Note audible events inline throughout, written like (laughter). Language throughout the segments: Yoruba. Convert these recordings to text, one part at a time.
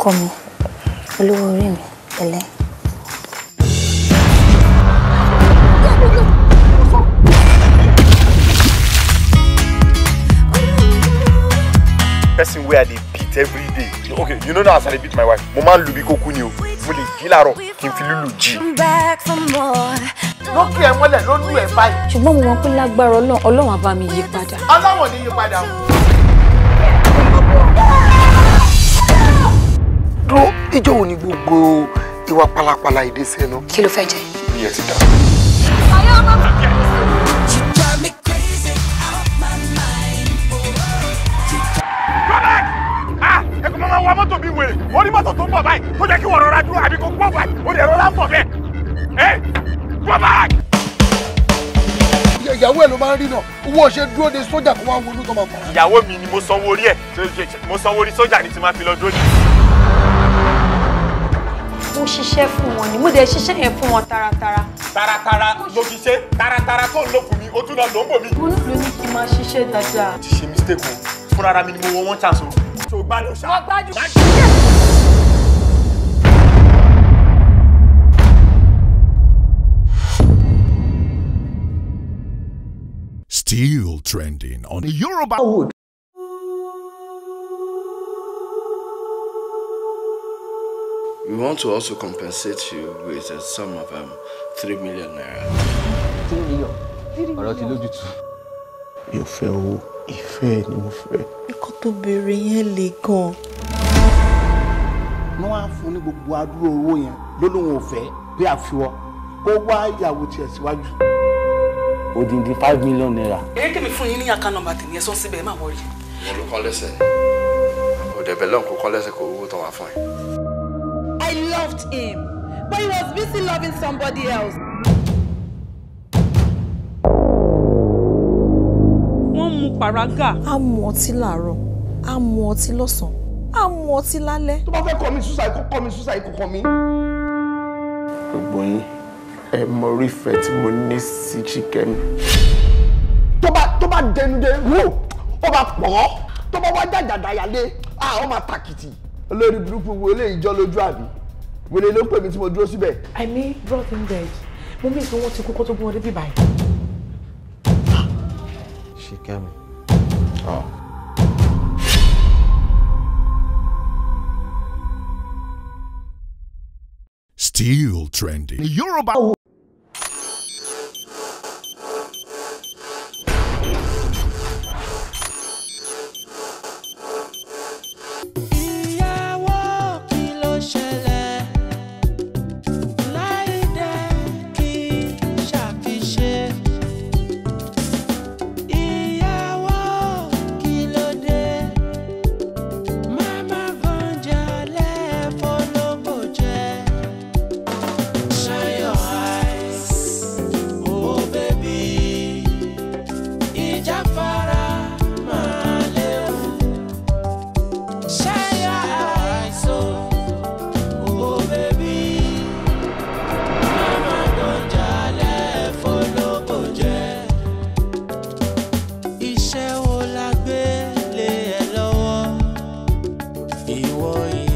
ọkọ mi olówó orí mi pẹ̀lẹ́. person wey i dey beat every day okay you know now as i dey beat my wife mo máa ń lu bí kókó ni o mo lè jí làárọ̀ ki n fi lùlù jí. lókè ẹ mọ́lẹ̀ ló lù ẹ báyìí. ṣùgbọ́n mo mọ̀ pé lágbára ọlọ́run á bá mi yí padà. ọlọ́run ò ní yí padà dúró ìjọ òní gbogbo ìwà pálapàla ìdí sẹ́nu. kí ló fẹ́ jẹ. bí ah! ẹ ti dá. ayé mọ́tò mi wèrè wọ́n ní mọ́tò tó ń bọ̀ báyìí tó jẹ́ kí wọ́n rọra dúró àbí kó gbọ́ báyìí ó lè rọra ń bọ̀ bẹ́ẹ̀ ẹ́ gbọ́ báyìí ìyàwó ẹ ló máa ń rí náà owó ṣe dúró de sójà kó wá wọnú tó máa pa. ìyàwó mi ni mo sanwó orí ẹ mo sanwó orí sójà ni tí máa fi lọ dúró ní mo ṣiṣẹ́ fún wọn ni mo dẹ̀ ṣiṣẹ́ yẹn fún wọn taratara. taratara ló fi ṣe taratara tó ń lò fún mi ó tún lọ lò ń bò mí. mo ní ló ní kí n máa ṣiṣẹ́ dáadáa. ti ṣe mistake o fúnra ara mi ni mo wọ wọn ṣàṣọ. tó o gbádùn ṣá. wọ́n gbádùn Still trending on Yoruba. We want to also compensate you with a uh, sum of um, three million naira. Three million? Ọ̀rọ̀ ti lójútu. Mi ò fẹ́ owó, ìfẹ́ ni mo fẹ́. Nǹkan tó béèrè yẹn le gan. Wọ́n á fún ní gbogbo adúrò owó yẹn lólóhùn òfẹ́ bí àfiwọ́ kó wá ìyàwó tiẹ̀ síwájú. Odindi five million naira. Èrè kèmí fún yín ní àká nọ́mbà tèmi ẹ̀ sọ síbẹ̀ ẹ̀ má wọrí. Mo ló kán lẹ́sẹ̀. Òdẹ̀bẹ̀ lọ́n kó kán lẹ́sẹ̀ kó owó tó wá fún ẹ loved him, but he was busy loving somebody else. Wọ́n mu paraga. A mu ọtí láàárọ̀, a mu ọtí lọ́sàn-án, a mu ọtí lálẹ́. Tó bá fẹ́ kọ́ mi suicide kó kọ́ mi suicide kó kọ́ mi. Gbogbo yín, ẹ mọ orí ìfẹ́ tí mo ní sí Chikemi. Tó bá tó bá dẹnudẹ wò, ó bá pọ̀ ọ́, tó bá wá jàjàdà yálé, a ó máa tàkìtì. Olórí burúkú wo eléyìí jọ lójú àbí? wèrè ló pè mí tí mo dúró síbẹ̀. i mean brought him dead mo mí pé wọ́n ti kú kó tó gbé wọn débi báyìí. ṣe kẹ́mi. Ah. Still trending. Yoruba. ìwọ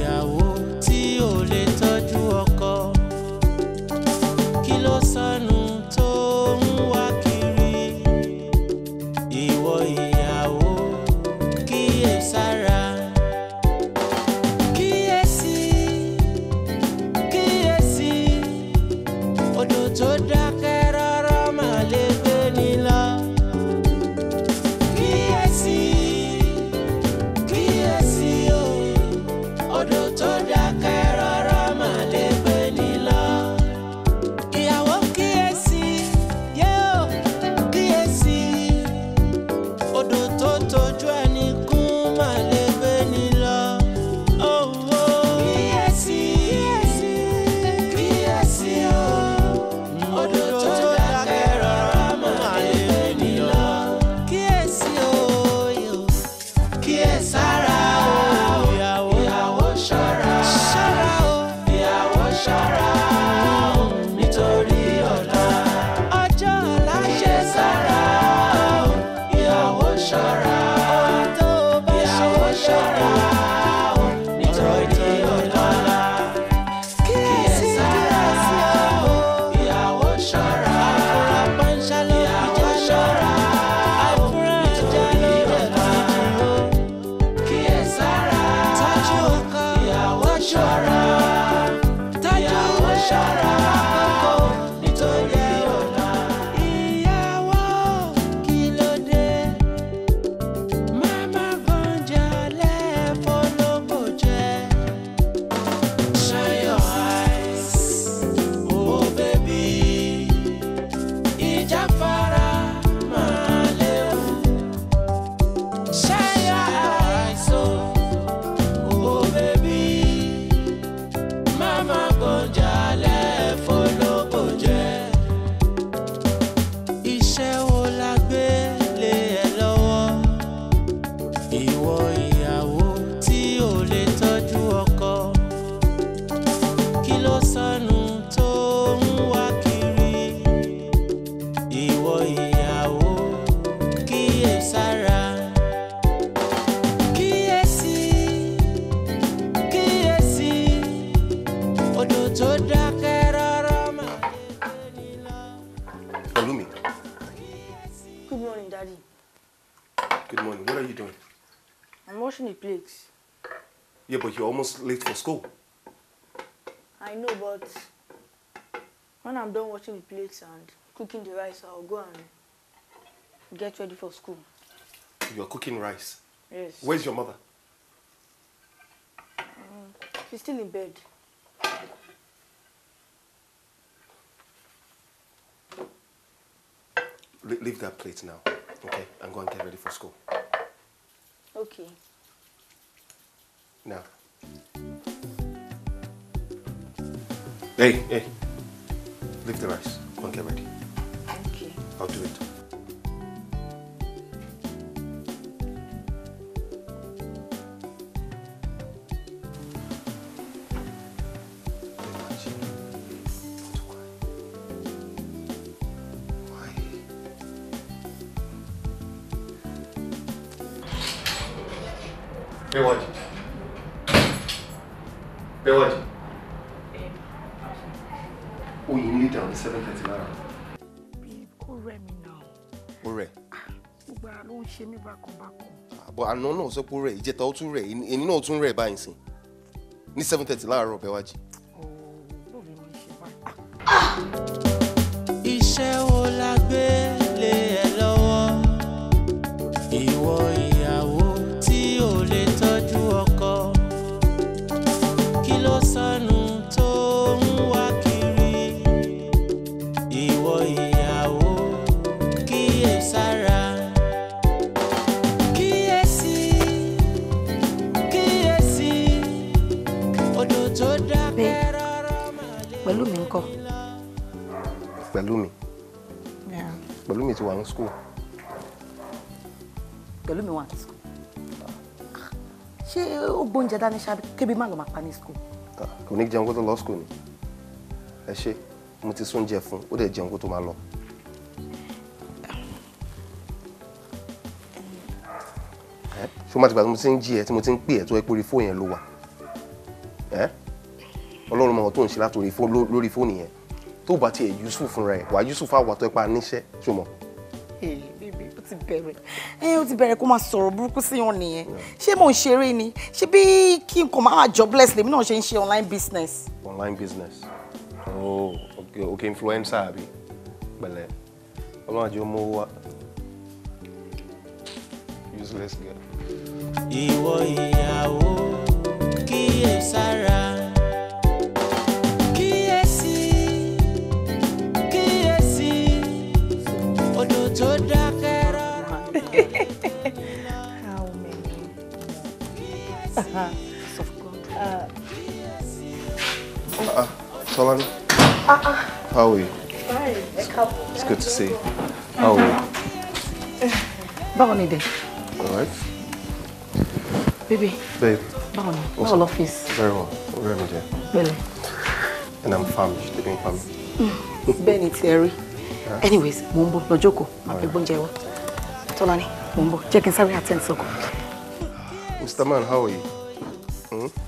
washing plates and cooking the rice, I'll go and get ready for school. You're cooking rice? Yes. Where's your mother? Um, she's still in bed. leave that plate now, okay? And go and get ready for school. Okay. Now. Hey, hey. Leave the rice. Don't get ready. Okay. I'll do it. Hey, Hey, Bewaji. on the seven thirty lára. kò rẹ̀ mí náà. ó rẹ̀. Ah, gbogbo ara ló ń ṣe mí bákanbákan. àbọ̀ ah, àná náà sọ pé ó rẹ̀ ìjẹta ó tún rẹ̀ èyí náà ó tún rẹ̀ báyìí sìn ní seven thirty láàárọ̀ bẹ́ẹ̀ wájú. ìṣẹ́ wo la Pẹ̀lúmi Pẹ̀lúmi ti wà ní school. Pẹ̀lúmi wà ní school. ṣé ó gbóúnjẹ dání ṣáà kébi má lọ máa pa ní school. Ah, kò ní jẹun kó tó lọ school ni ẹ ṣe mo ti sóúnjẹ fún ó dẹ̀ jẹun kó tó máa lọ. ṣé o máa ti gbà tí mo ti ń jí ẹ tí mo ti ń pè ẹ tó ẹ pé orí fóònù yẹn ló wà ọlọ́run mọ̀ ọ́ tó ń ṣe látòrí lórí fóònù yẹn tó bá tiẹ̀ yusuf fúnra ẹ̀ wà yusuf àwọn àtọ́ ipa níṣẹ́ ṣùmọ́. ee bíbí ó ti bẹ̀rẹ̀ ẹ ó ti bẹ̀rẹ̀ kó máa sọ̀rọ̀ burúkú sí wọn nìyẹn ṣé mò ń ṣeré ni ṣé bí kí n kò máa wà jobless lèmi náà ṣe ń ṣe online business. online business oh okay okay influencer àbí pẹ̀lẹ́ ọlọ́run àjọ mọ́ wa useless girl. ìwọ ìyàwó kíyèsára. her. Yes, of God. Uh, oh. uh, Solani. Uh, uh. How are you? Fine. It's, it's good to see you. How are you? Báwo ni dé? All right. Baby. Babe. Báwo ni? Báwo office. Very well. Very well, dear. Really? And I'm famished. I'm famished. Mm. Bẹ́ẹ̀ ni ti ẹ Anyways, mumbo ń bọ̀ lọ́jọ́ kò, màá fi gbóúnjẹ wá. Tọ́lá ni, mo ń so good. kí Mr. Man, how are you? 응?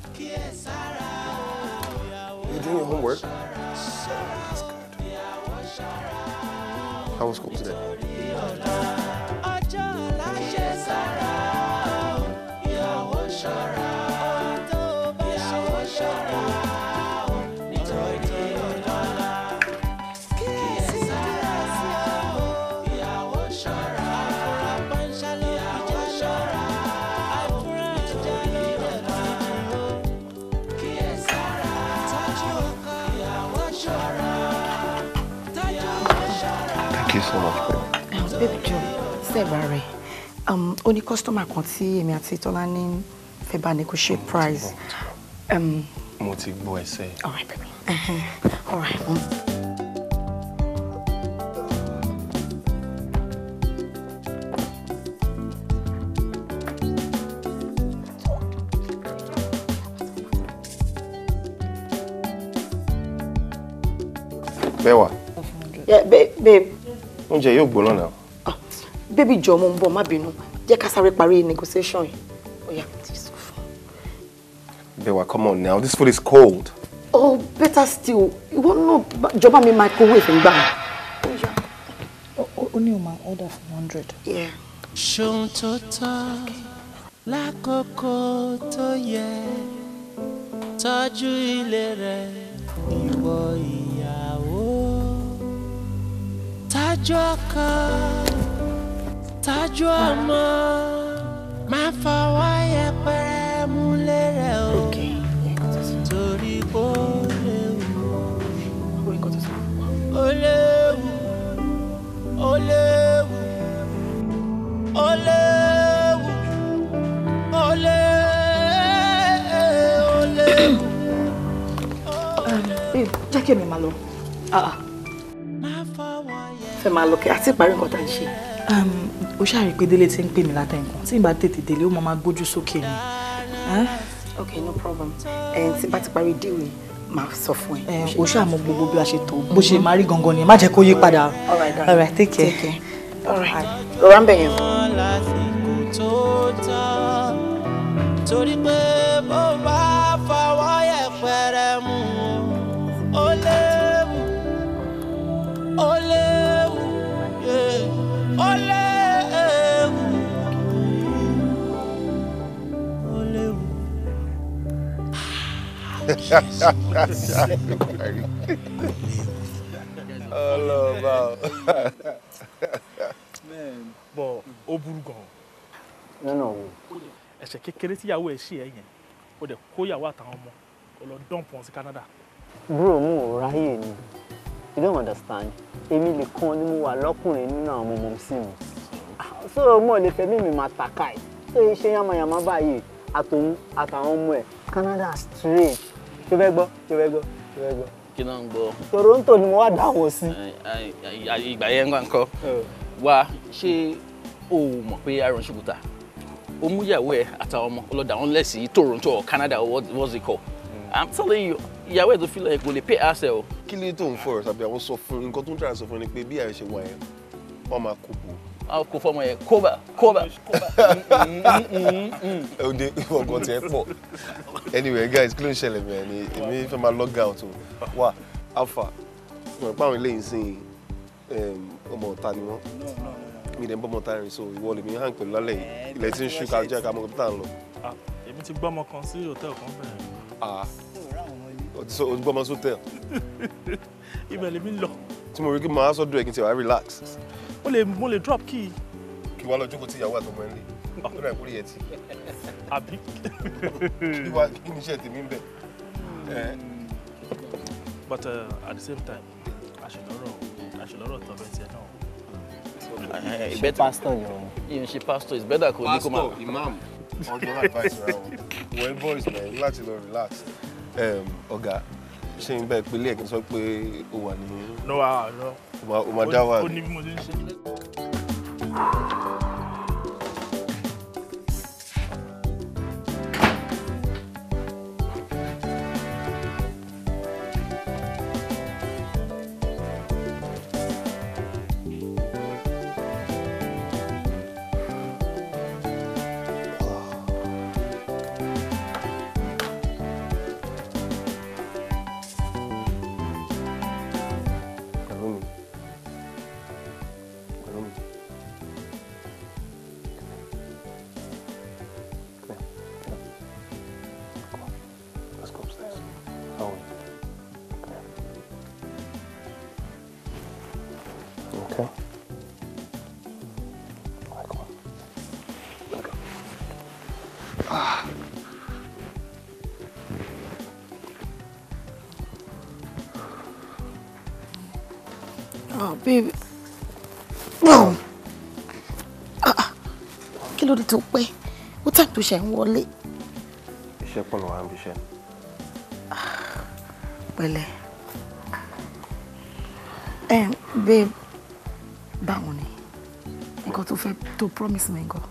sẹ̀bà rẹ̀ um, ó ní kọ́sítọ́mà kan tí èmi àti tọ́lá ní fẹ́ bá negotiate price. Um, mo ti gbọ́ ẹsẹ̀. all right baby uh-huh. all right. Mm. Oúnjẹ yóò gbóná náà. Baby, jọ ọmọ ń bọ̀ má bínú jẹ́ ká sáré parí negotiation yìí oya please go fún. Bewa come on now this food is cold. oh better still ìwọ náà jọba mi microwave ń gbà. ó ní o máa order for hundred. ṣóun tó tọ́ lákòókò tó yẹ tọ́jú ilé rẹ̀ ìwọ ìyàwó tájọ́ kan tájú ọ̀nà máa fọwọ́ yẹpẹrẹ múlẹ̀ rẹ̀ o torí kó léwu ó léwu ó léwu ó léwu ó léwu. jẹ́ kí èmi máa lọ ah, ah. fẹ́ máa lọ kí àti ìparí nǹkan tá à ń ṣe ó ṣàrí pé délé ti ń pè mí látà nǹkan tí n bá tètè délé ó máa gbójú sókè ni. ok no problem tí bá ti parí díwì máa sọ fún ẹ. o ṣàmú gbogbo bí a ṣe tó bó ṣe máa rí gangan ni má jẹ́ kó yí padà. all right take care. all right rọra ń bẹ̀yẹn. ọlọ́ọ̀bá o. bọ̀ ó burú gan nínú wo. ẹ̀ṣẹ̀ kékeré tíyàwó ẹ̀ ṣe ẹ̀ yẹn ó dẹ̀ kóyàwó àtàwọn ọmọ ó lọ dọ́ǹpù wọn sí Canada. bro mo ò ráyè ni you don't understand èmi nìkan ni mo wà lọ́kùnrin nínú àwọn ọmọ mi sí mi so mo lè fẹ́mi mi máa tàkà ẹ̀ ṣé iṣẹ́ yamayama báyìí àtòun àtàwọn ọmọ ẹ̀ Canada straight ṣe fẹ́ gbọ́ ṣe fẹ́ gbọ́ ṣe fẹ́ gbọ́. kí náà ń gbọ́. Toronto ni mo wá dáwọ́ sí. ìgbà yẹn ń kọ́ wa ṣé o mọ̀ pé Aaron Chukwuta o mú ìyàwó ẹ àtàwọn ọmọ ọlọ́dà wọn lẹ́sìn Toronto or Canada or what's it called hmm. i'm telling you ìyàwó ẹ̀ tó fi lọ́yẹ̀ kò lè pay herself o. kí ló tó ń fọ̀rọ̀ tàbí àwọn sọ fún nǹkan tó ń tẹ̀lé sọ fún ni pé bí àìṣe wà yẹn wọ́n máa kó bò a ah, kò fọmọ yẹn kóbà kóbà. òde ọgbọ̀n tiẹ̀ pọ̀ anyway guys kí ló ń ṣẹlẹ̀ bẹ́ẹ̀ ni èmi fẹ́ máa log out o wà alpha mo pa àwọn eléyìí sìn ọmọ ọ̀tá ni wọ́n mi dẹ̀ ń bọ́ ọmọ ọ̀tá rìn so ìwọ lèmi hàn pẹ̀lú lálẹ́ yìí eh, ilẹ̀ tí ń ṣú ká jẹ́ ká mọ̀ kọ́pútà ń lọ. Ah, èmi ti gbọ́mọ kan sí hòtẹ́ẹ̀lì kan bẹ̀rẹ̀. Ah. o gbọ́mọ sótẹ́ẹ̀lì. (laughs) ibẹ̀ lèmi lọ. tí mo rí kí mo wá sọ́dọ̀ ẹ̀ kí n ti wá relax o lè mo lè drop key. kí wàá lọ jókòó tí ìyàwó àtọmọ ẹ ń lé lọ́dọ̀ ah. ìkórè yẹn ti. àbí. kí wàá kí ni iṣẹ́ tèmi ń bẹ̀. Eh. but uh, at the same time àṣelọ́rọ̀ àṣelọ́rọ̀ tọ́bẹ̀ tiẹ̀ náà. Eh, ṣe pastor yẹn o. iye ṣe pastor it's better kò ní kó máa. pastor imam ọgbọ́n advice ra wọn well boys man láti lọ relax. ọ̀gá ṣé n bẹ́ẹ̀ pélé ẹ̀ kí n sọ pé o wà ní. lọ́wọ́ àárọ̀ o máa dá wà ní. ó ní bí mo ṣe ń ṣe. own. Okay? Like one. Let go. Ah. Oh, baby. No. Ah. Kí ló dé tó pẹ́? Ó tàbí tó ṣe ń wọlé. Iṣẹ́ pọ̀ lọ́wọ́ pẹ̀lẹ́ ẹ babe báwo ni nǹkan tó fẹ́ tó promise mi gan.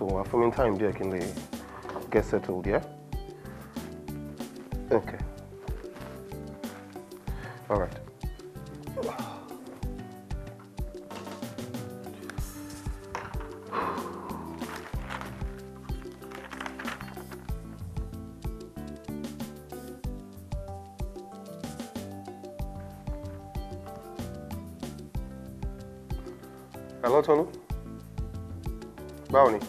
So uh, for in time there can they get settled, yeah? Okay. Alright. Hello, Tony. Bounty.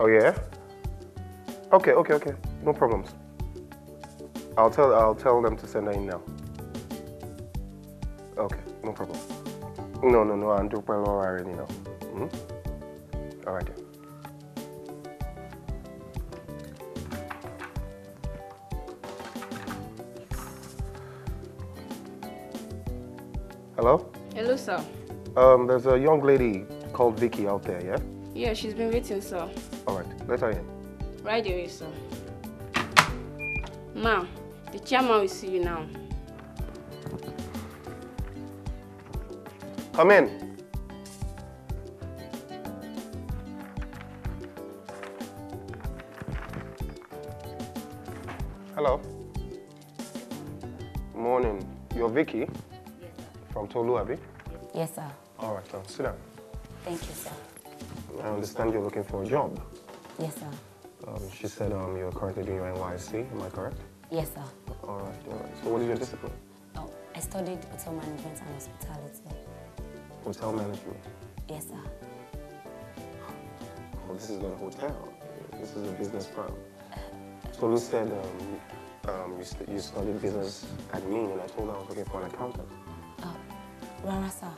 Oh yeah. Okay, okay, okay. No problems. I'll tell I'll tell them to send her in now. Okay, no problem. No, no, no. I'm doing well already now. Mm -hmm. All right. Then. Hello. Hello, sir. Um, there's a young lady called Vicky out there. Yeah. Yeah, she's been waiting, sir. All right, let her in. Right away, sir. Now, the chairman will see you now. Come in. Hello. Morning. You're Vicky? Yes, sir. From Tolu, Abi? Yes, sir. All right, sir. sit down. Thank you, sir. I understand you're looking for a job. Yes, sir. Um, she said um, you're currently doing your NYC, am I correct? Yes, sir. All right, all right. So what is your discipline? Oh, I studied hotel management and hospitality. Hotel management? Yes, sir. Well, this is not a hotel. This is a business firm. So you said um, um, you, st you studied business admin and I told her I was looking for an accountant. Oh, Rara, sir.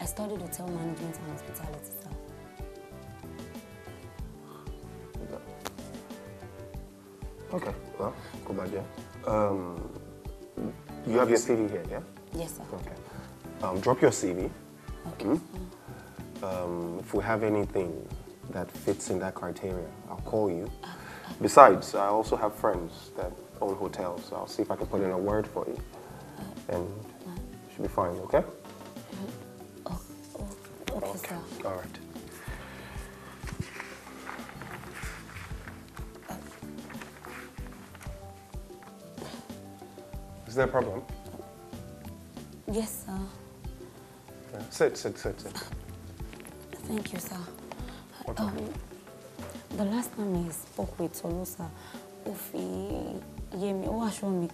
I studied hotel management and hospitality, Okay, well, good idea. Um, you have your CV here, yeah? Yes, sir. Okay. Um, drop your CV. Okay. Mm? Um, if we have anything that fits in that criteria, I'll call you. Besides, I also have friends that own hotels, so I'll see if I can put in a word for you. Uh, and it uh. should be fine, okay? Uh, oh, oh, okay, okay. okay. all right. Is there a problem? Yes, sir. Yeah. Sit, sit, sit, sit. Thank you, sir. What um, the last time I spoke with Tolosa, ó fi yé mi, ó assure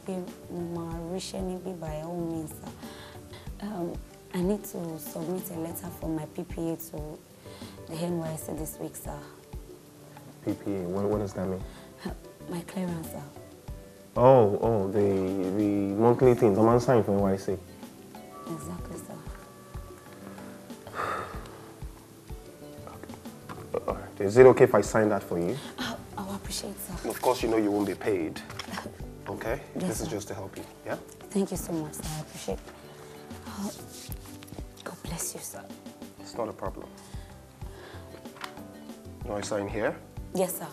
by all means, sir. Um, I need to submit a letter for my PPA to the NYC this week, sir. PPA, what, what does that mean? My clearance, sir. Oh, oh, the the monthly thing, the man sign for NYC. Exactly, sir. okay. (sighs) Is it okay if I sign that for you? Oh, I'll appreciate sir. Of course, you know you won't be paid. (laughs) Okay? Yes, this sir. is just to help you, yeah? Thank you so much, sir. I appreciate it. Oh, God bless you, sir. It's not a problem. Do I sign here? Yes, sir.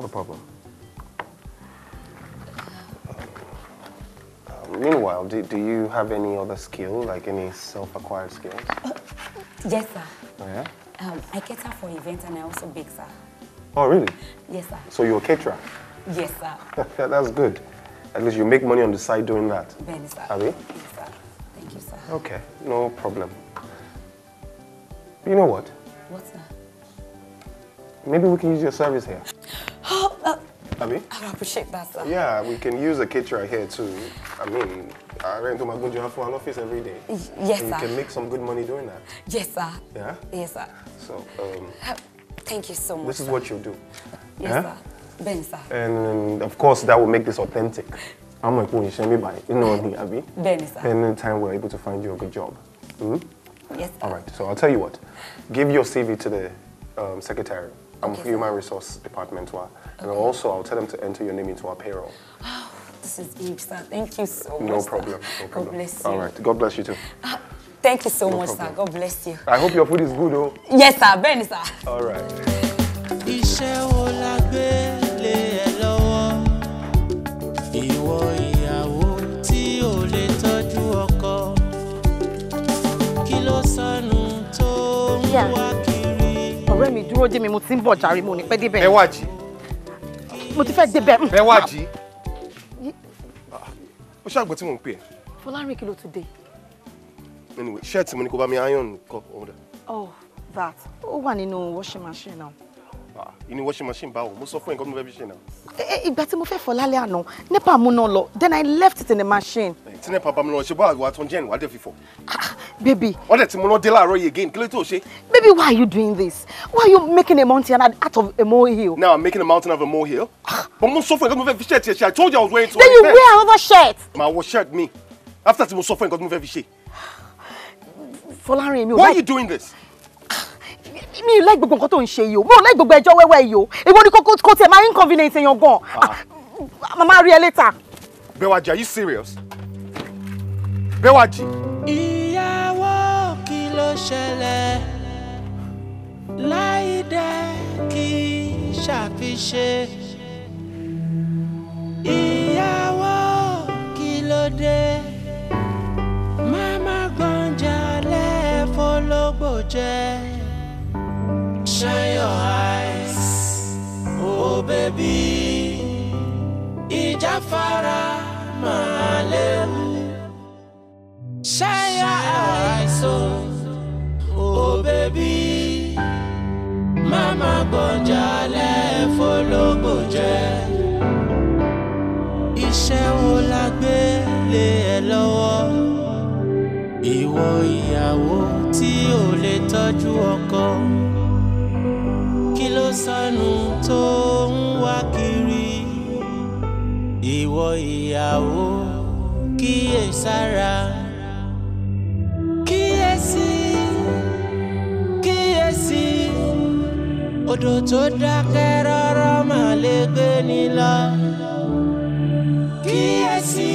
not a problem. Um, meanwhile, do, do you have any other skill, like any self-acquired skills? Uh, (laughs) yes, sir. Oh, yeah? Um, I cater for events and I also bake, sir. Oh, really? Yes, sir. So you're a caterer? Yes, sir. (laughs) That's good. At least you make money on the side doing that. Very, sir. Are we? Yes, sir. Thank you, sir. Okay, no problem. You know what? What's that? Maybe we can use your service here. I appreciate that, sir. Yeah, we can use a right here too. I mean, I rent to my good job for an office every day. yes, sir. You can make some good money doing that. Yes, sir. Yeah? Yes, sir. So, um, Thank you so much. This is sir. what you do. Yes, sir. Ben, sir. And of course, that will make this authentic. I'm like, oh, you send me by, you know me, Abby. (laughs) Ben, sir. And in time, we're able to find you a good job. Mm -hmm. Yes, sir. All right, so I'll tell you what. Give your CV to the um, secretary. I'm okay, human so. resource department. Okay. And also, I'll tell them to enter your name into our payroll. Oh, this is huge, sir. Thank you so no Problem. No problem. God bless you. All right. God bless you too. Uh, thank you so no much, problem. sir. God bless you. I hope your food is good, oh. Yes, sir. Ben, sir. All right. dúró dé mi mo ti ń bọ̀ jàre mo ní pẹ́ débẹ̀. ẹ wá mo ti fẹ́ débẹ̀. ẹ wá jí. ṣàgbọ́ tí mò ń pè é. fọlárin kí ló anyway ṣẹ́ẹ̀tì mo ní kó bá mi iron kọ́ ọ̀dà. oh that ó wà nínú washing machine now inú ah, washing machine báwo mo sọ fún nǹkan tó fẹ́ fi ṣe náà. Eh, eh, ìgbà tí mo fẹ́ fọ lálẹ́ àná nepa múná lọ then i left it in the machine. Eh, tí nepa bá mi lọ ṣe bá àgọ́ àtọ́ jẹ́ ìwádìí fífọ. Ah, ah, baby. wọ́n dẹ̀ ti múná dé láàárọ̀ yìí again kí ló tó ṣe. baby why are you doing this why are you making a mountain out of a molehill. now i'm making a mountain out of a molehill. but mo sọ fún nǹkan tó fẹ́ fi ṣẹ́ẹ̀tì ẹ̀ṣẹ̀ i told you i was wearing two. then you wear another shirt. màá wọ shirt mi after ti mo sọ fún nǹkan tó fẹ́ fi why are you doing this? mi ò like gbogbo nǹkan tó ń ṣe yìí o mi ò like gbogbo ẹjọ́ wẹ́wẹ́ yìí o èwo ni kókó kó tiẹ̀ máa inconvenient èèyàn gan màmá ah. ah, rí ẹ later. Bẹ́wàjì are you serious? Bẹ́wàjì. ìyàwó kí ló ṣẹlẹ̀ láìdẹ kí ṣàfiṣe ìyàwó kí ló dé máma gbọ́njà lẹ́ẹ̀fọ́ lógbò fara máa léwu. ṣáyà àìsàn ò bẹ́bí màmá gbọ̀njà lẹ́fọ́lógbò jẹ́. iṣẹ́ wo la gbé lé ẹ lọ́wọ́? ìwọ ìyàwó tí ò lè tọ́jú ọkọ kí ló sọnù tó ìwọ ìyàwó kíyèsára kíyèsí kíyèsí odò tó dákẹ́ rọ́rọ́ mà lè gbé ni lọ kíyèsí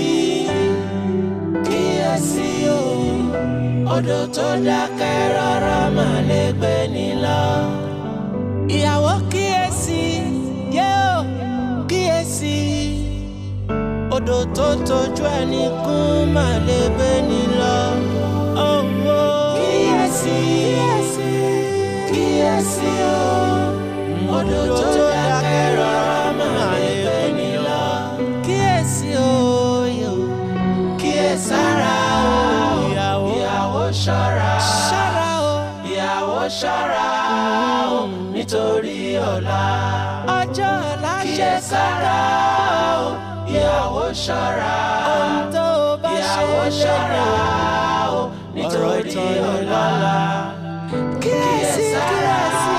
kíyèsí o odò tó dákẹ́ rọ́rọ́ mà lè gbé ni lọ ìyàwó odò tó tójú ẹni kún má lè gbé ni lọ. owó kíyèsí kíyèsí o odò tó dákẹ́ rọra má lè gbé ni lọ. kíyèsí o kíyèsára o ìyàwó ìyàwó ṣọ́ra ṣọ́ra o ìyàwó ṣọ́ra o mm. nítorí ọ̀la ọjọ́ ọ̀la ṣe sára o ìyàwó ṣọ́ra ìyàwó ṣọ́ra o nítorí ọlọ́lá kíyèsí kíyèsí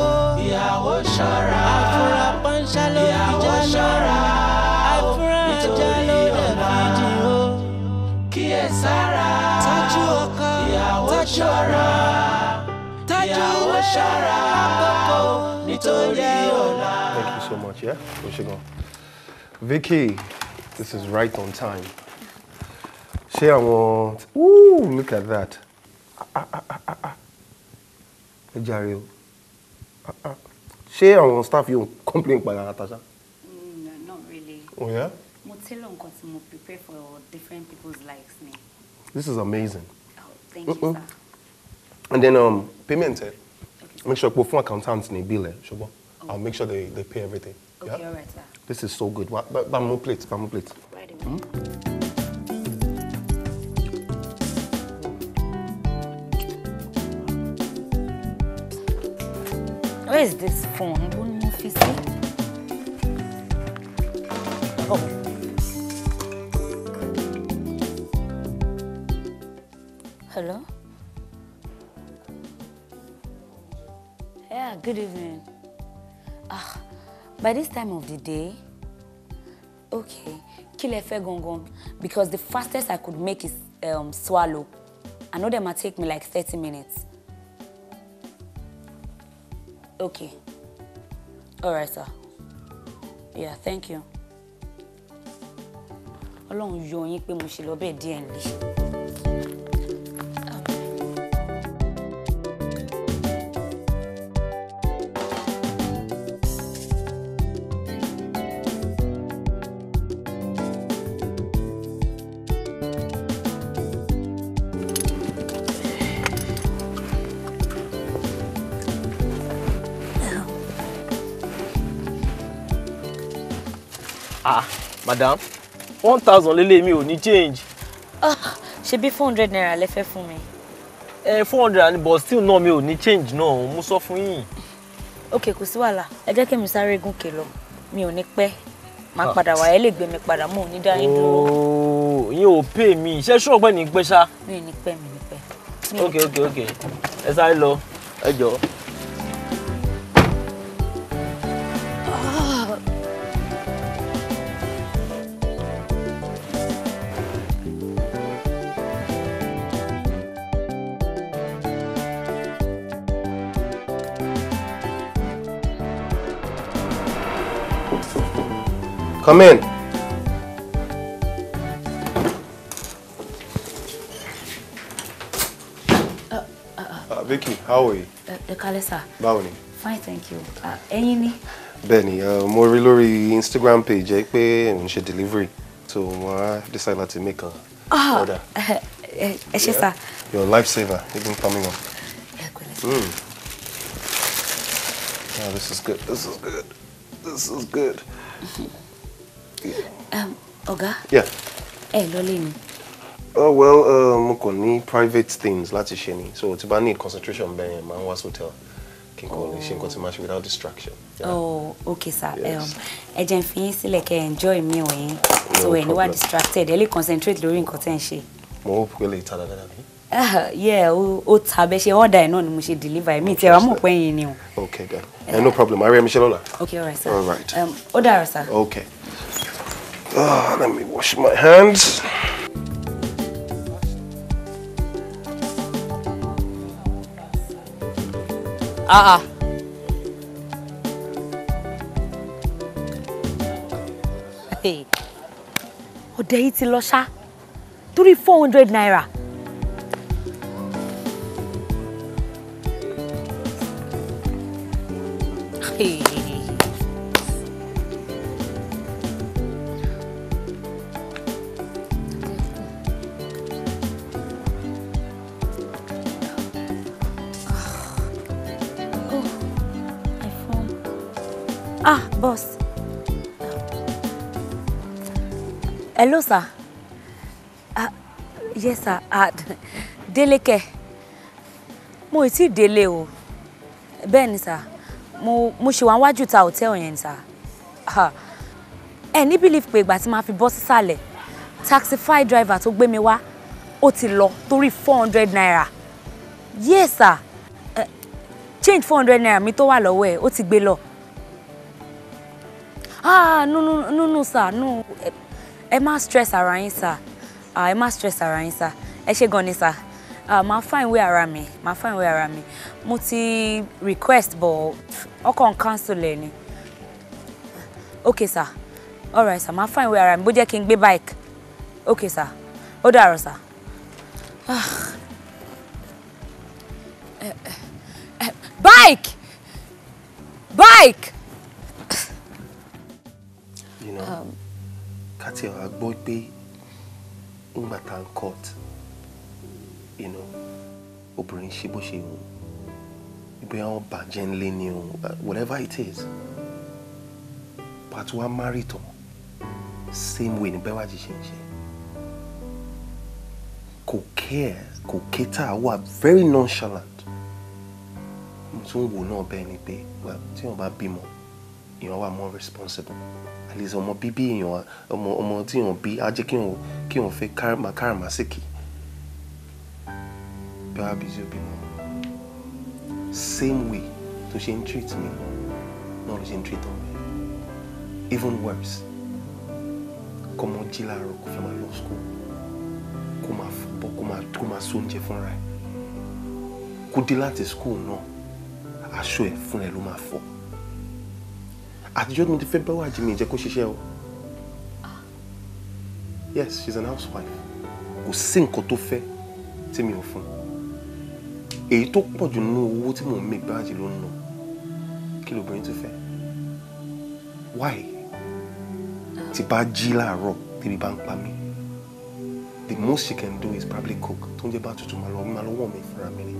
o ìyàwó ṣọ́ra àfúrà pọ́nṣá ló ìjà ṣọ́ra àfúrà ajá ló o ìyàwó ṣọ́ra ìyàwó ṣọ́ra àkókò nítorí ọlọ́lá. Thank you so much. Yeah? Oṣù gan. Vicky, this is right on time. She I want. ooh look at that. Ah, ah, ah, ẹ jàre o. Ṣé àwọn staff yóò complain padà Natasha? Mm, not really. Oh yeah? Mo tailor nǹkan tí mo prepare for different people's likes ni. This is amazing. Oh, thank you, mm -mm. sir. And then um, payment, eh? Okay, sir. Make sure, fún accountant ni bill, eh? Oh. Sure, I'll make sure they, they pay everything. Okay, yeah? all right, sir. This is so good. One more plates. one more plate. Right hmm? Where is this phone? One more Oh. Hello? Yeah, good evening by this time of the day okay Kill lẹ fẹ́ gangan because the fastest i could make is um, swallow i know dem might take me like thirty minutes okay All right, sir yeah thank you ọlọ́run yọ yín pé mo ṣe lọ bẹ́ẹ̀ díẹ̀ nílé. ah madam one thousand lélẹ̀ mi ò ní change. Ah, ṣe bí four hundred naira lẹ fẹ́ fún mi. ẹ eh, four hundred but still no mi ò ní change no. mo sọ fún yín. Okay, kò sí wàhálà ẹ jẹ́ kí mi sáré gòkè lọ mi ò ní pẹ́ máa ah. padà wá ẹ lè gbé mi padà mo ò ní dá Oh, dúró. ìyẹn pay pè mí iṣẹ́ ṣọ́ọ̀gbẹ́ ní pẹ́ ṣá. mi ò ní pẹ́ mi ní pẹ́. ok ok ok ẹ sáré lọ Come in. Uh, uh, uh, Vicky, how are you? Ẹ kálẹ́ sà. Báwo ni? Fine, thank you. Uh, ẹ̀yin ni? Bẹ́ẹ̀ni, uh, mo rí lórí Instagram page ẹ pé òun delivery so I decided to make an oh, ah, order. (laughs) Ẹ ṣé sà. Your lifesaver. You've been coming up. Ẹ kúlẹ̀ Oh, this is good. This is good. This is good. (laughs) Um, ọ̀gá ẹ lọ lé mi. oh well uh, mo kàn ní private things láti ṣe ni so tí bá ní concentration bẹ́ẹ̀ yẹn máa ń wá sọ́tẹ̀ kí n kò lè ṣe nǹkan tí máa ṣe without distraction. Yeah. oh okay sir um, ẹ jẹ́ n fi yín sílẹ̀ kẹ́ ẹ enjoy meal yín so ẹ ní wá distracted ẹ lè concentrate lórí nǹkan tẹ́ ń ṣe. mo hope pé lè ta dáadáa bí. Eh, yeah o o ta bẹ ṣe order ẹ náà ni mo ṣe deliver mi tí ẹ wá mọ̀ pé yín ni o. okay then yeah. no problem ààrẹ mi ṣe lọ́la. okay all right sir all right um, ó dàrọ sir. okay uh, let me wash my hands. ah ah. ọ̀dẹ̀ yìí ti lọ ṣá torí four hundred naira. hello sir ah yes sir ah délé ke. mo ì tí o Ben, sir mo mo shi wá wájú ta hòtẹ́ẹ̀lì yẹn sir ah, ẹ ní believe pé ìgbà tí màá fi bọ́ sísàlẹ̀ taxify driver tó gbé mi wá ó ti lọ torí four hundred naira yes sir uh, change four hundred naira mi tó wà lọ́wọ́ ẹ̀ ó ti gbé lọ ah no no no no sir no. Eh, ẹ má stress ara yín sà ah, ẹ má stress ara yín sà ẹ ṣe gan ni sà ah, màá fine way ara mi màá fine way ara mi mo ti request but ọkàn cancel ẹ ni ok sà alright sà màá fine way ara mi bó jẹ́ kí n gbé bike ok sà ó dàárọ̀ sà. Ah. Eh, eh, eh, bike! Bike! You know. Um, káti ẹ̀ wá gbọ́ pé ńgbà tá à ń court you know obìnrin ṣe bó ṣe wù bóyá wọn bàjẹ́ ńlé ni o whatever it is But wa marry tán same way ni Bẹ́wàjí ṣe ń ṣe kò care kò kéta wà very nonchalant mo tún wò náà bẹ́ẹ̀ ni pé tí wọn bá bímọ èèyàn wà more responsible at least ọmọ bíbí èèyàn ọmọ ọmọ tí èèyàn bí á jẹ́ kí èèyàn kí èèyàn fẹ́ káràmásìkì bí wàá bí tí bímọ same way tó ṣe ń treat me náà ló ṣe ń treat ọmọ even worse kọ́mọ jí láàárọ̀ kó fẹ́ máa lọ school kó máa fọbọ́ kó máa kó máa sóúnjẹ fúnra ẹ̀ kó dé láti school náà aṣọ ẹ̀ fúnra ẹ̀ ló máa fọ̀ àtijọ́ ni mo ti fẹ́ bá wà jí mi jẹ́ kó ṣiṣẹ́ o yes she's an housewife kò sí nǹkan tó fẹ́ tí mi ò fún èyí tó pọ̀ jù nínú owó tí mò ń mi báàjì ló ń nà kí lóbìnrin ti fẹ́ why tí bá jí láàárọ̀ tèmi bá ń pa mí the most she can do is probably cook tó ń jẹ́ bá tutù máa lọ máa lọ wọ̀ mí fúnra mi ni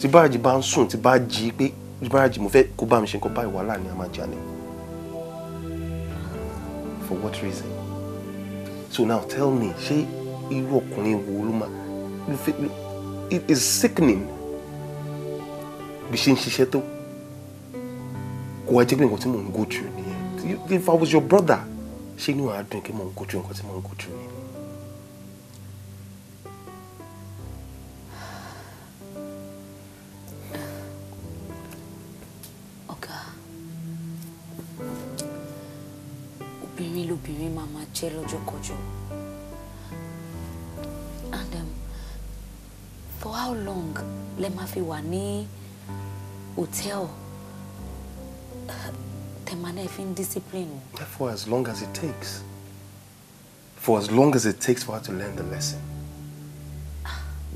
tí báàjì bá ń sùn tí bá jí pé Ojúbárájì mo fẹ́ kó bá mi ṣe nǹkan báyìí wàhálà ni a jà ni. For what reason? So now tell me, ṣé irú ọkùnrin wo ló máa it is sickening bí ṣe ń ṣiṣẹ́ tó kò wá jẹ́ pé nǹkan tí mò ń go through nìyẹn if I was your brother ṣé inú àádùn kí mò ń go through nǹkan tí mò ń go through nìyẹn. ṣe lójúkojú. and um, for how long lẹ máa fi wà ní hòtẹ́ẹ̀lì tẹ̀mánẹ́ discipline for as long as it takes for as long as it takes for her to learn the lesson.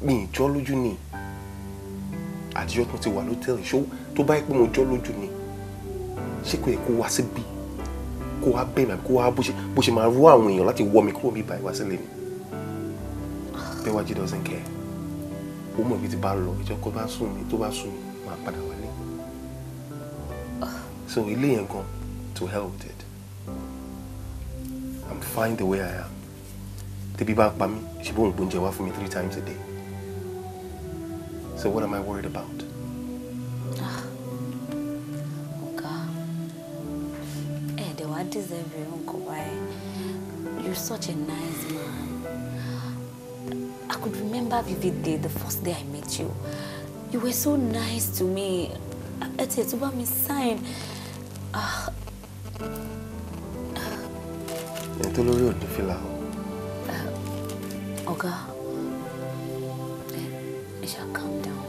mi ì jọ́ lójú ni àtijọ́ tó ti wà lótẹ́ẹ̀lì ṣó tó bá pé mo jọ́ lójú ni ṣé kò yẹ kó wá síbí kó wá bẹ́ẹ̀ kó wá bó ṣe bó ṣe máa rú àwọn èèyàn láti wọ́ mi kúrò bí báyìí wá sílé mi Bẹ́wàjí doesn't care ó mọ̀ ibi tí bá lọ ìjọkọ̀ bá sùn mi tó bá sùn mi máa padà wálé so ilé yẹn gan to hell with it I'm fine the way I am tẹbi bá pa mí ṣe bóun gbóúnjẹ wá fún mi three times a day so what am I worried about. deserve your own Kawai. You're such a nice man. I could remember vividly the first day I met you. You were so nice to me. Ah. Ẹ ti bá me, sign. Ẹni tó lórí òdì fìlà o. calm down.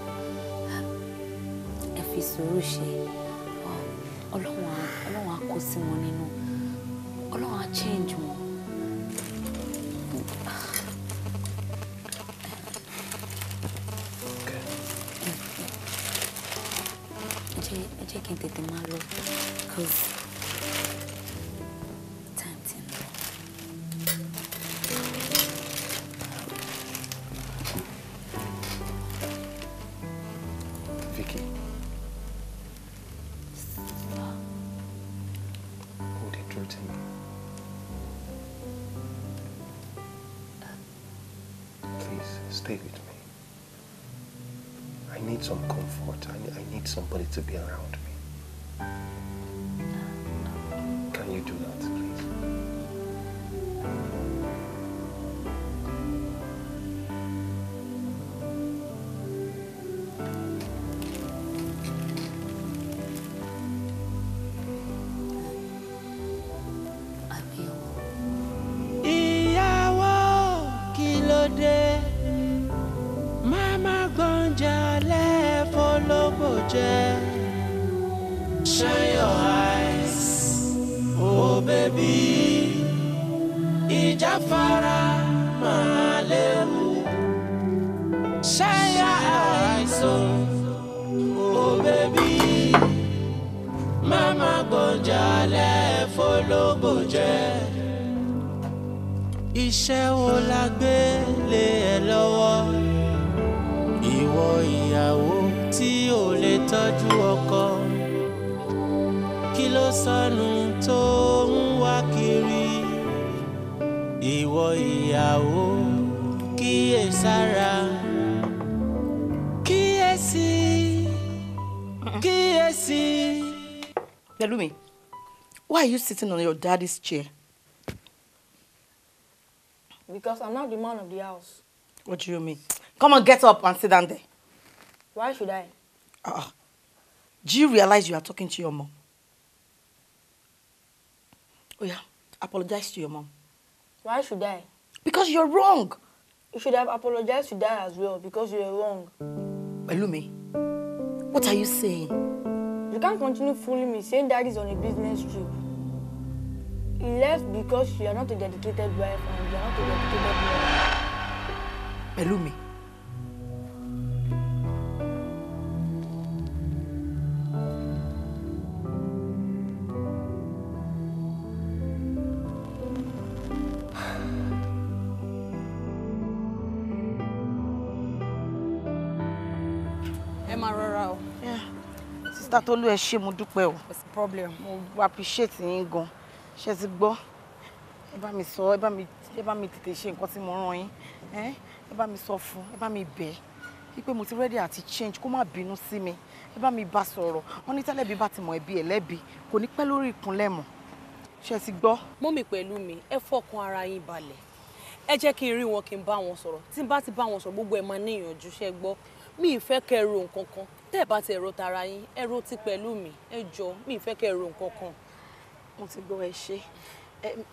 Ẹ fi sùúrù ṣe. Ọlọ́run á kó sí wọn i are changing. I need some comfort. I need, I need somebody to be around me. Can you do that, please? daddy's chair. Because I'm not the man of the house. What do you mean? Come on, get up and sit down there. Why should I? Uh, do you realize you are talking to your mom? Oh yeah, apologize to your mom. Why should I? Because you're wrong. You should have apologized to dad as well because you're wrong. Elumi, what are you saying? You can't continue fooling me saying Daddy's on a business trip. He left because you are not a dedicated wife and you are not a dedicated wife. Pẹ̀lúmi. Sister Tolu, ẹ ṣé mo dúpẹ́ o. It's a problem. Mo appreciate you gan ṣe ti gbọ́ ẹ bá mi sọ ẹ bá mi ẹ bá mi tètè ṣe nǹkan tí mo rán yín ẹ bá mi sọ fún ẹ bá mi bẹ̀ wípé mo ti rẹ́dí àti change kó má bínú sí mi ẹ bá mi bá sọ̀rọ̀ wọn ní tẹ́lẹ̀bí bá ti mọ̀ ẹ̀bí ẹ̀ lẹ́bi kò ní pẹ́ lórí ìkúnlẹ̀ mọ́ ṣe ti gbọ́. mọ́mì pẹ̀lú mi ẹ fọkàn ara yín balẹ̀ ẹ jẹ́ kí n rí wọn kí n bá wọn sọ̀rọ̀ tí n bá ti bá wọn sọ̀rọ̀ gbogbo ẹ̀ máa níyànjú ṣẹ́ gbọ́ mi ì fẹ́ kẹ́ ro nǹkan kan tẹ́ ẹ bá ti ẹ̀rọ tara yín ẹ̀rọ ti pẹ̀lú mi ẹ jọ mi ì fẹ́ kẹ́ ro nǹkan kan mo ti gbọ́ ẹ ṣe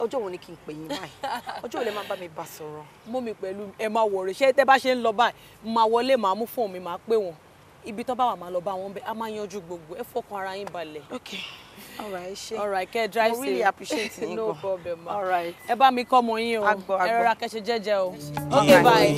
ọjọ́ wo ni kí n pè yín báyìí ọjọ́ wo lẹ máa bá mi bá sọ̀rọ̀. mú mi pẹ̀lú ẹ máa wọ̀rọ̀ ṣé tẹ́ bá ṣe ń lọ báyìí máa wọlé máa mú fóònù mi máa pè wọ́n ibi tó bá wà máa lọ bá wọn bẹ a máa yanjú gbogbo ẹ fọkàn ara yín balẹ̀. ok alright ṣe alright kẹ drive safe really appreciate yín (laughs) no problem ma right. ẹ bá mi kọ́ ọmọ yín o ẹ rọra kẹṣẹ jẹ́jẹ́ o ok bye.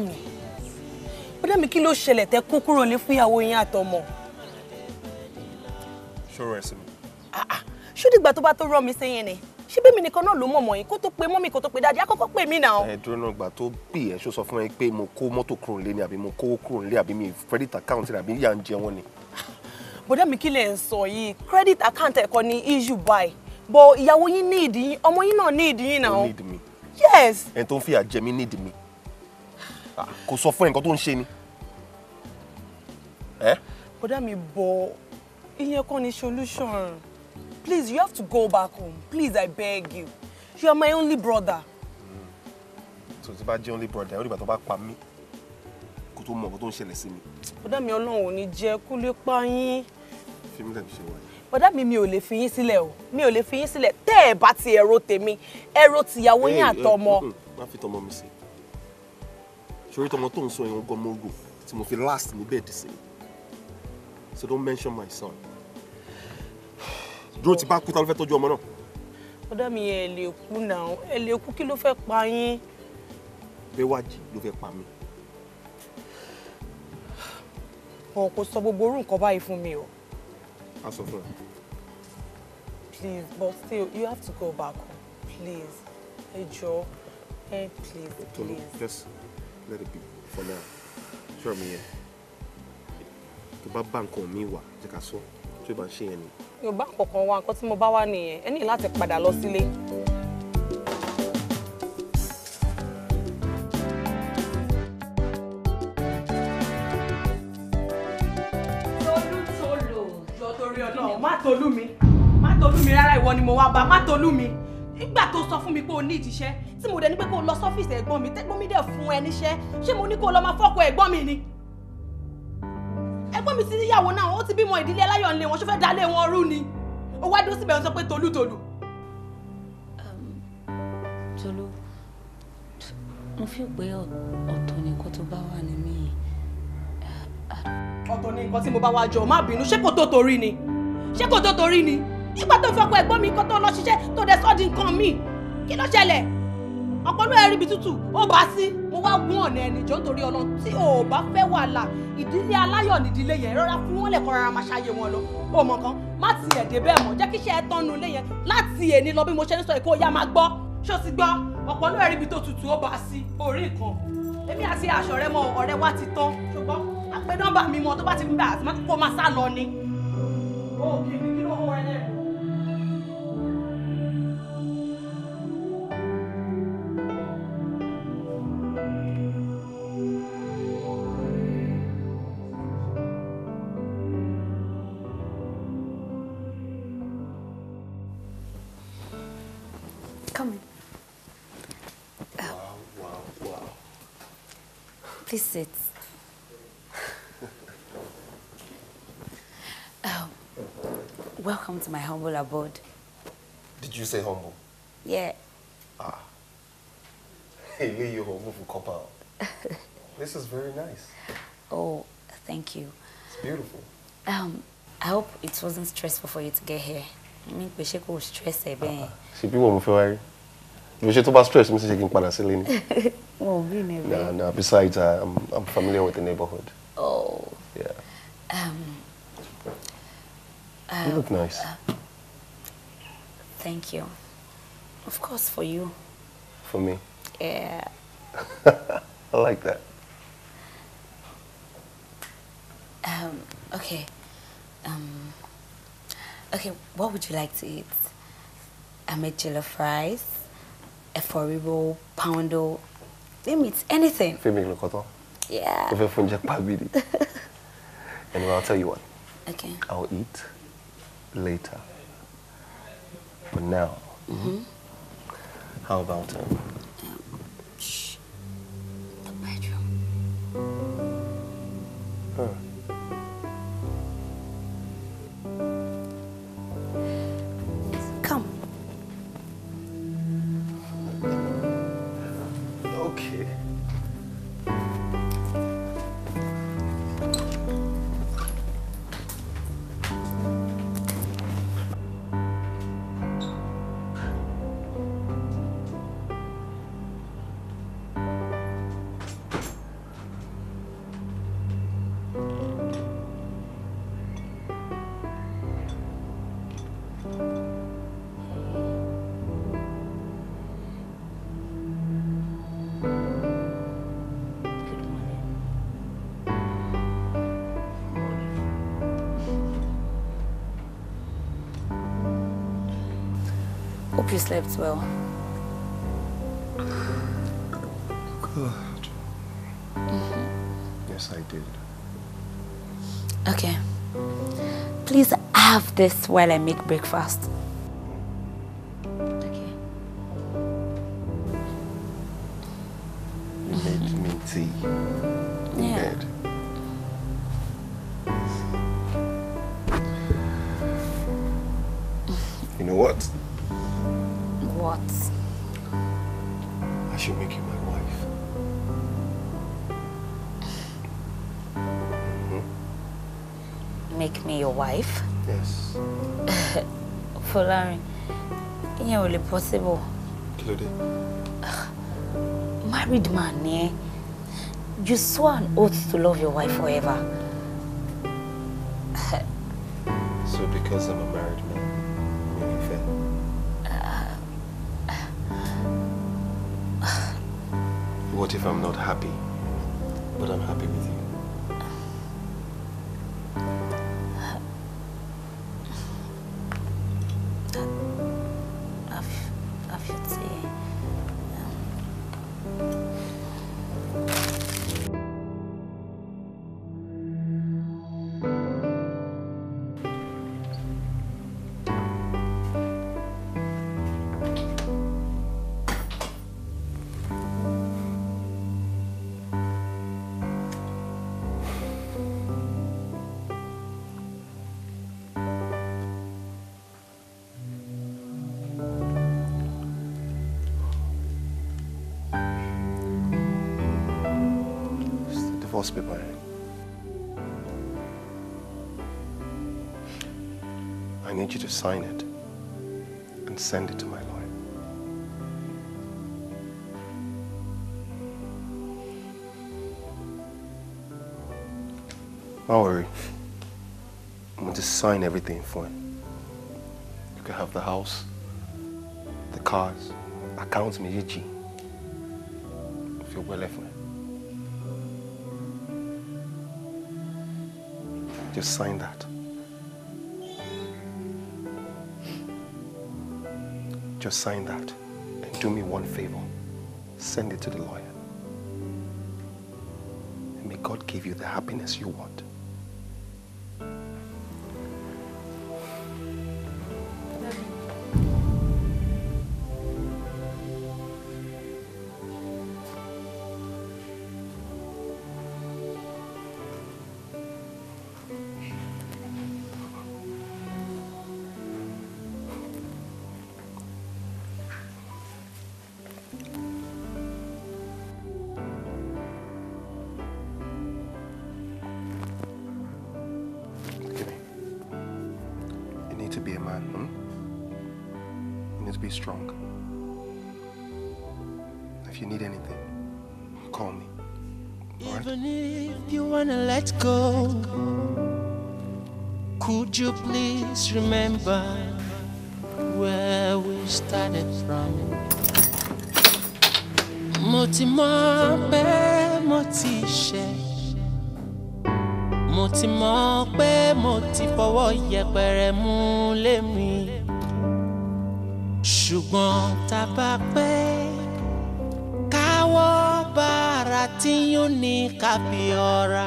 bọ̀dá mi bọ̀dá mi kí ló ṣẹlẹ̀ tẹ́ kún kúrò lé fún ìyàwó yín àtọmọ. ṣòro ẹ̀sìn mi. Ah, ah, ṣódìgbà tó bá tó rọ mi sẹ́yìn ni ṣé bẹ́ẹ̀ mi nìkan náà ló mọ̀ mọ́ yín kó tó pe mọ́mì kó tó pe dáadé akọ́kọ́ pè mí náà. ẹ dúró náà ìgbà tó bì ẹ ṣó sọ fún ẹ pé mo kó mọ́tò kúrò lé ni àbí mo kówó kúrò lé àbí mi credit account rẹ àbí yà ń jẹ wọn ni. (sighs) bọ̀dá mi kí lẹ̀ sọ yìí credit account ẹ̀kọ́ ni issue báyìí bọ̀ ìyàwó yín ní ìdí yín ọmọ yín náà need, ìdí yín náà. ó ní ìdí yes. ẹni tó ń fìyà jẹ mí ní ìdí kò sọ fún ẹ nǹkan tó ń ṣe ni. bọ́dá mi bọ̀ ìyẹn kọ́ ni solution please you have to go back home please I beg you you are my only brother. tó ti bá jẹ́ only brother ó dìgbà tó bá pa mí kó tó mọ nǹkan tó ń ṣẹlẹ̀ sí mi. bọ́dá mi ọlọ́run ò ní jẹ́ kó lè pa yín. fi mí lẹ́nu ṣe wáyé. bọ́dá mi mi ò lè fi yín sílẹ̀ o mi ò lè fi yín sílẹ̀ tẹ́ ẹ̀ bá ti ẹ̀rọ tèmi ẹ̀rọ tìyàwó yín àtọmọ. má fi tọmọ mi sí sori tọmọ tó ń sọ yẹn gan mo tí mo fi last níbẹ̀ dì sí so don't mention my son dúró ti bá kú ta ló fẹ́ tọ́jú ọmọ náà. ọ̀dọ́ mi ẹ̀ lè kú náà ẹ̀ lè kú kí ló fẹ́ pa yín. Bẹ́wàjì ló fẹ́ pa mí. ọ̀ kò sọ gbogbo orú nǹkan báyìí fún mi o. a sọ fún ẹ. please but still you have to go back home please ẹ jọ̀ọ́ ẹ please please let it be for now sure mi yẹn tó bá bá nǹkan mi wà jẹ́ So sọ tó bá ń ṣe yẹn ni. yorùbá kọ̀ọ̀kan wa nǹkan tí mo bá wà nìyẹn ẹ ní láti padà lọ sílé. tolú mi má tolú mi rárá ìwọ ni mo wá bá má tolú mi nígbà tó sọ fún mi pé o ní ìjíṣẹ́ tí mo dẹ̀ ní pé kó lọ sọ́fíìsì ẹ̀gbọ́n mi tẹ́gbọ́n mi dẹ̀ fún ẹ níṣẹ́ ṣé mo ní kó lọ máa fọ́kọ ẹ̀gbọ́n mi ni. ẹ̀gbọ́n mi ti níyàwó náà ó ti bímọ ìdílé aláyọ̀ ńlẹ̀ wọn ṣó fẹ́ wọn rú ni ó wá dúró síbẹ̀ ń sọ pé tolútolù. Tolú mo fi pé ọ̀tọ̀ ni nǹkan tó bá wà ní mí ọ̀tọ̀ ni nǹkan tí mo bá wá jọ má bínú ṣé kò tó torí ni ṣé kò tó torí ni nígbà tó fọkọ ẹ̀gbọ́n mi kó tó lọ ṣiṣẹ́ tó dẹ̀ sọ́ọ́ di nǹkan mi kí ló ṣẹlẹ̀ ọpọlọ ẹrí ibi tútù ó bá sí mo wá gún ọ̀nà ẹni jọ nítorí ọlọ́run tí ò bá fẹ́ wàhálà ìdílé aláyọ̀ nídìílé yẹn rọra fún wọn lẹ́kọ̀ọ́ rárá máa ṣàyè wọn lọ ó mọ kan má ti ẹ̀dẹ̀ bẹ́ẹ̀ mọ̀ jẹ́ kí iṣẹ́ tọ́nu ilé yẹn láti èní lọ bí mo ṣe ń sọ èkó ya máa gbọ́ ṣó ti gbọ́ ọpọlọ ẹrí ibi tó tutù ó bá sí orí kan èmi àti aṣọ rẹ mọ ọ̀rẹ́ wa ti tán ṣùgbọ́n àpè mi mọ tó bá ti fi bá àtìmọ́ kó máa sá lọ ni. ó kì í humble abode. Did you say humble? Yeah. Ah. Hey, you humble for copper. (laughs) this is very nice. Oh, thank you. It's beautiful. Um, I hope it wasn't stressful for you to get here. I mean, we should go stress ẹ bẹ́ẹ̀. Ṣé bí wọ́n mo fẹ́ wáyé? Mo ṣe tó stress mi sì ṣe kí n padà sílé ni. (laughs) No, no, besides, uh, I'm, I'm familiar with the neighborhood. Oh. Yeah. Um, um, you look nice. Uh, Thank you. Of course, for you. For me? Yeah. (laughs) I like that. Um, okay. Um, okay, what would you like to eat? I made fries? a foribo, poundo, name it, anything. Yeah. (laughs) and I'll tell you what. Okay. I'll eat later. But now, mm -hmm. how about um, slept well? Good. Mm -hmm. Yes, I did. Okay. Please have this while I make breakfast. wife? Yes. (laughs) For Larry, ò only possible. Kí (sighs) Married man eh? You swore an oath to love your wife forever. so because I'm a married man, (sighs) What if I'm not happy, but I'm happy with you? sign it and send it to my lawyer. Don't worry. I'm going to sign everything for him. You can have the house, the cars, accounts, Miyuji. If you're well off, Just sign that. Just sign that and do me one favor. Send it to the lawyer. And may God give you the happiness you want. let go. Could you please remember where we started from? Moti ti mọ̀ pé mo ti ṣẹ̀. Mo ti mọ̀ pé mo ti fọwọ́ yẹpẹrẹ mú lémi. Ṣùgbọ́n tá bá pẹ́ káwọ́ bára tí ní ká fi ọ̀ra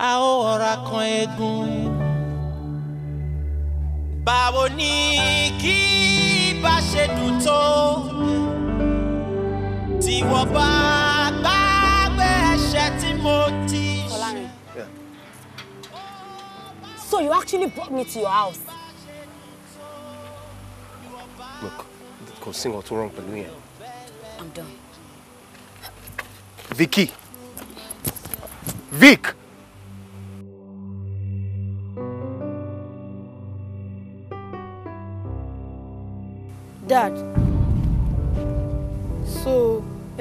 a ó ọ̀ra kan ni kí bá ṣe dùn tó tí wọ́n bá gbàgbé ẹ̀ṣẹ̀ tí mo ti So you actually brought me to your house. Look, kò sing nǹkan tó wrong for me? I'm done. Vicky. Vic.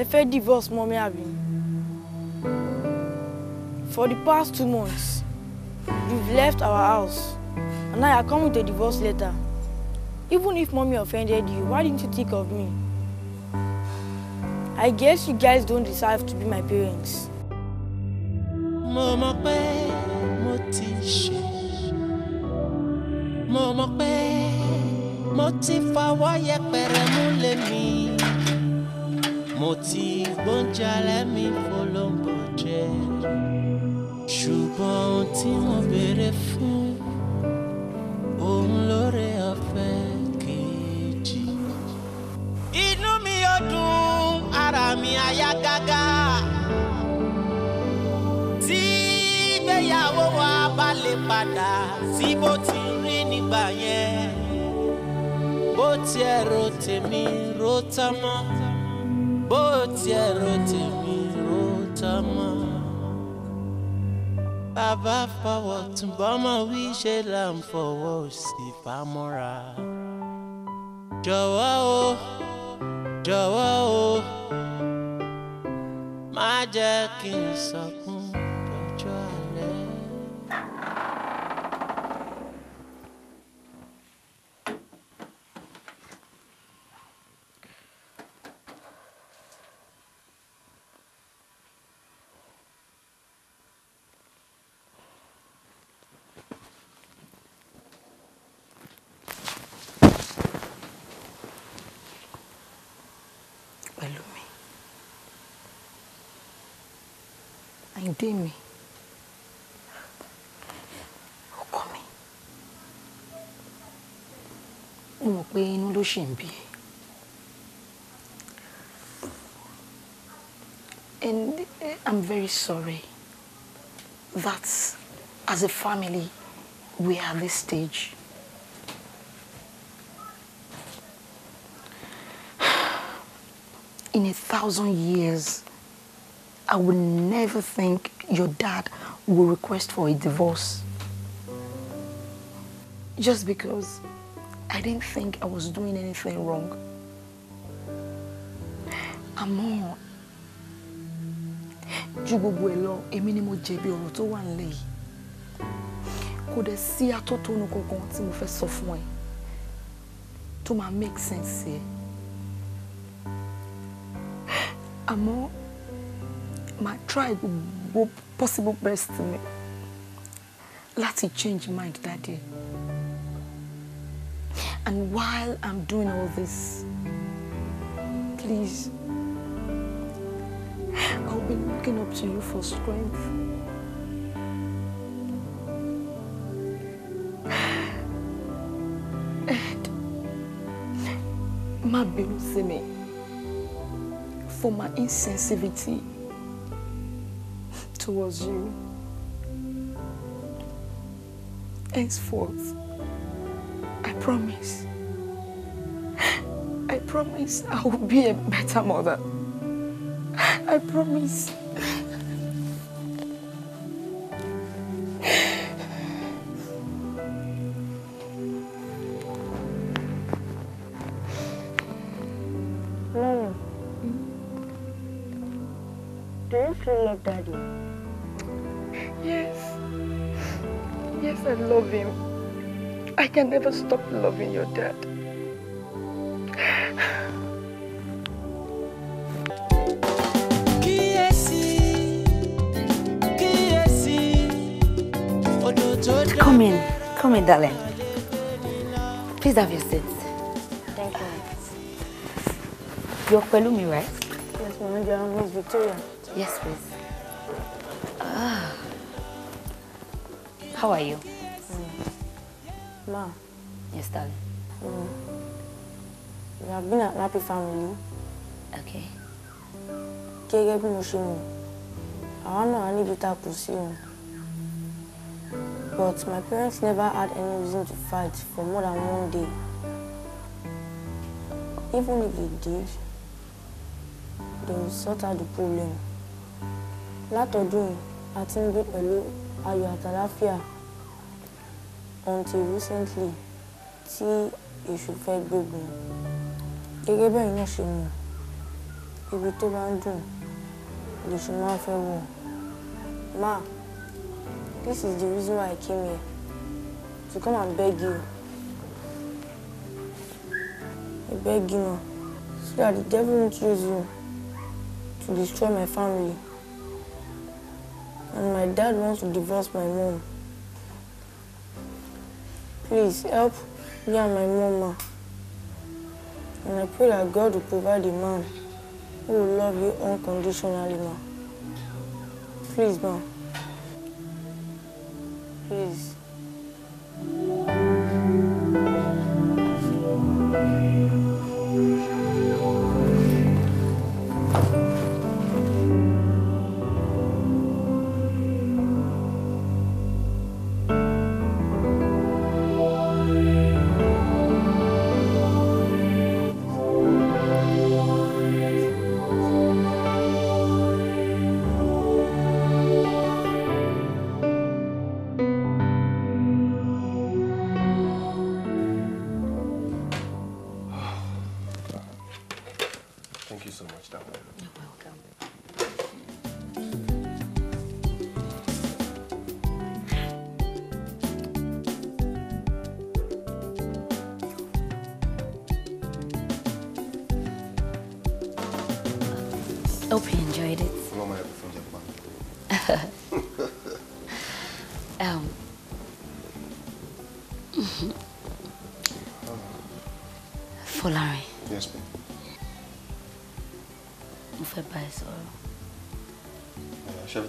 ẹ fẹ́ divorce mommy mi for the past two months you've left our house and now you come with a divorce letter even if mommy offended you why didn't you think of me I guess you guys don't deserve to be my parents. mo mọ̀ mo ti ṣe mo mọ̀ pé mo ti fọwọ́ yẹpẹrẹ mú mo ti gbóúnjẹ alẹ́ mi fọlọ́ǹbù jẹ ṣùgbọ́n ohun tí mo béèrè fún òun lóore ọ̀fẹ́ kejì. inú mi yóò dùn ara mi àyà gágá tí ìgbéyàwó wa bá lè padà sí bó ti rí nígbà yẹn bó tiẹ̀ ro tèmi ro tán mọ́ bó tiẹ̀ ro tèmi ó ta mọ́. bàbá fọwọ́ túnbọ̀ mọ̀ wí ṣe là ń fọwọ́ sí fámọ́ra. jọ̀wọ́ o jọ̀wọ́ o má jẹ́ kí n sọ pé. dè mí ọkọ mi mo mọ̀ pé inú ló ṣì ń bí and eh, I'm very sorry that as a family we are at this stage. (sighs) In a thousand years, I would never think your dad will request for a divorce. Just because I didn't think I was doing anything wrong. Àmọ́ ju gbogbo ẹ̀ lọ, èmi ni mo jẹ̀bi ọ̀rọ̀ tó wà nílẹ̀ yìí. Kò dẹ̀ sí mo fe sọ fún ẹ tó máa make sense ẹ. Àmọ́. tribe will, gbogbo possible best to mi láti change mind that day. and while I'm doing all this please I'll be looking up to you for strength. And má bínú for my insensitivity towards you. Henceforth, I promise. I promise I will be a better mother. I promise. Yes, I love him. I can never stop loving your dad. Come in. Come in, darling. Please have your seat. Thank you. You're me, right? Yes, ma'am. You're Miss Victoria. Yes, please. How are you? Mm. Ma. Yes, darling. Mm. We have been an happy family. Okay. Gẹ́gẹ́ bí mo ṣe mọ̀, àwa náà níbi tá a kù sí o. But my parents never had any reason to fight for more than one day. Even if they did, they will sort out the problem. Látọ̀dún yìí, I think ń alone ayọ̀ àtàláfíà until recently tí èṣù fẹ́ gbégun gẹ́gẹ́ bẹ́ẹ̀ náà ṣe mọ̀ ibi tó bá ń dùn lèṣù máa ń fẹ́ wọ̀ ma this is the reason why I came here to come and beg you I beg you ma so that the devil won't use you to destroy my family and my dad wants to divorce my mom. Please help me and my mama. And I pray that God will provide a man who will love you unconditionally, ma. Please, ma. Please.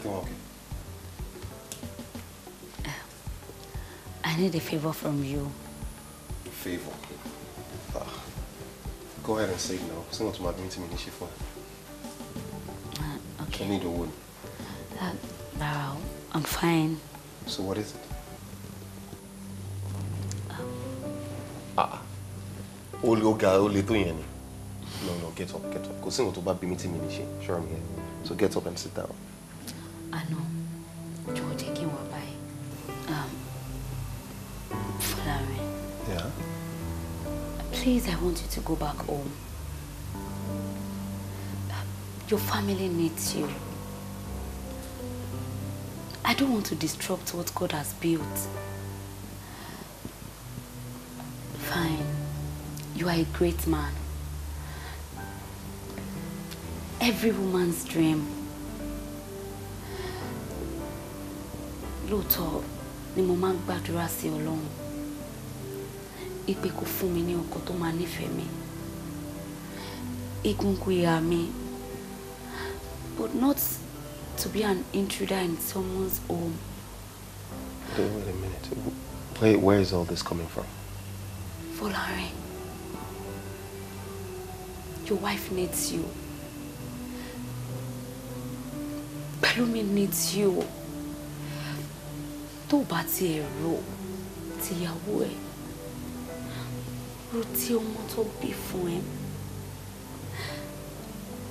walking. Uh, I need a favor from you. A favor? Uh, go ahead and say it now. Someone to my meeting in Ishifu. Uh, okay. I need a wood. Uh, wow, I'm fine. So what is it? Uh. Ah, olè ó ga olè No, no, get up, get up. Kò sí nǹkan tó bá bí mi tí mi ní Sure, I'm here. So get up and sit down. Please, I want you to go back home. Your family needs you. I don't want to disrupt what God has built. Fine. You are a great man. Every woman's dream. Loto, ni mo máa sí ipe kò fún mi ní ọkọ tó máa nífẹ̀ẹ́ mi egungun ìhà mi but not to be an intruder in someone's home. Okay, wait a minute. Wait, where is all this coming from? Folarin, your wife needs you. Pelumi needs you. Tó bá ti ẹ̀ rò tìyàwó ẹ̀ rántí ọmọ tó bí fun. ẹ e.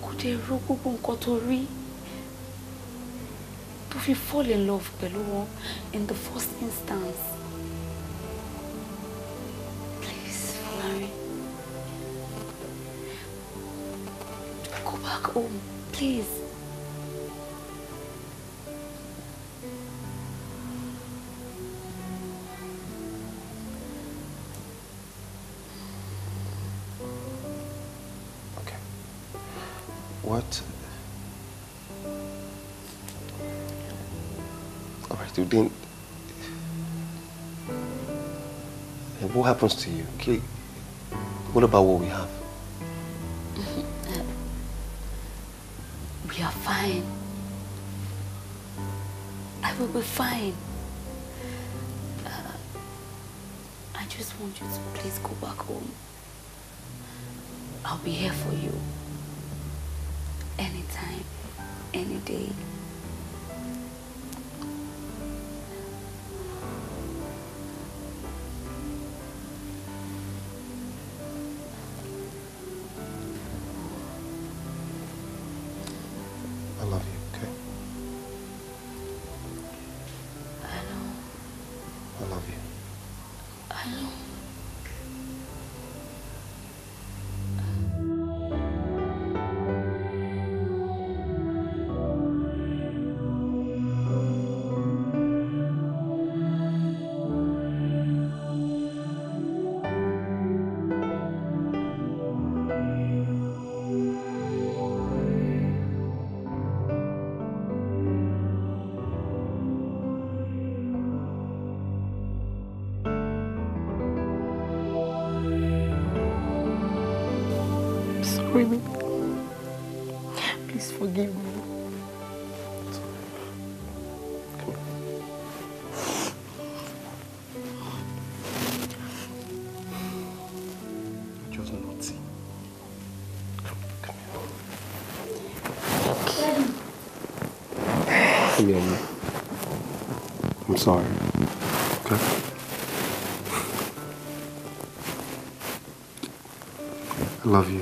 kò dé rú gbogbo nǹkan tó rí tó fi fall in love pẹ̀lú wọn in the first instance. Please, Larry. Go back home, please. happens to you, okay? What about what we have? (laughs) we are fine. I will be fine. Uh, I just want you to please go back home. I'll be here for you. Anytime, any day. sorry. Okay. I love you.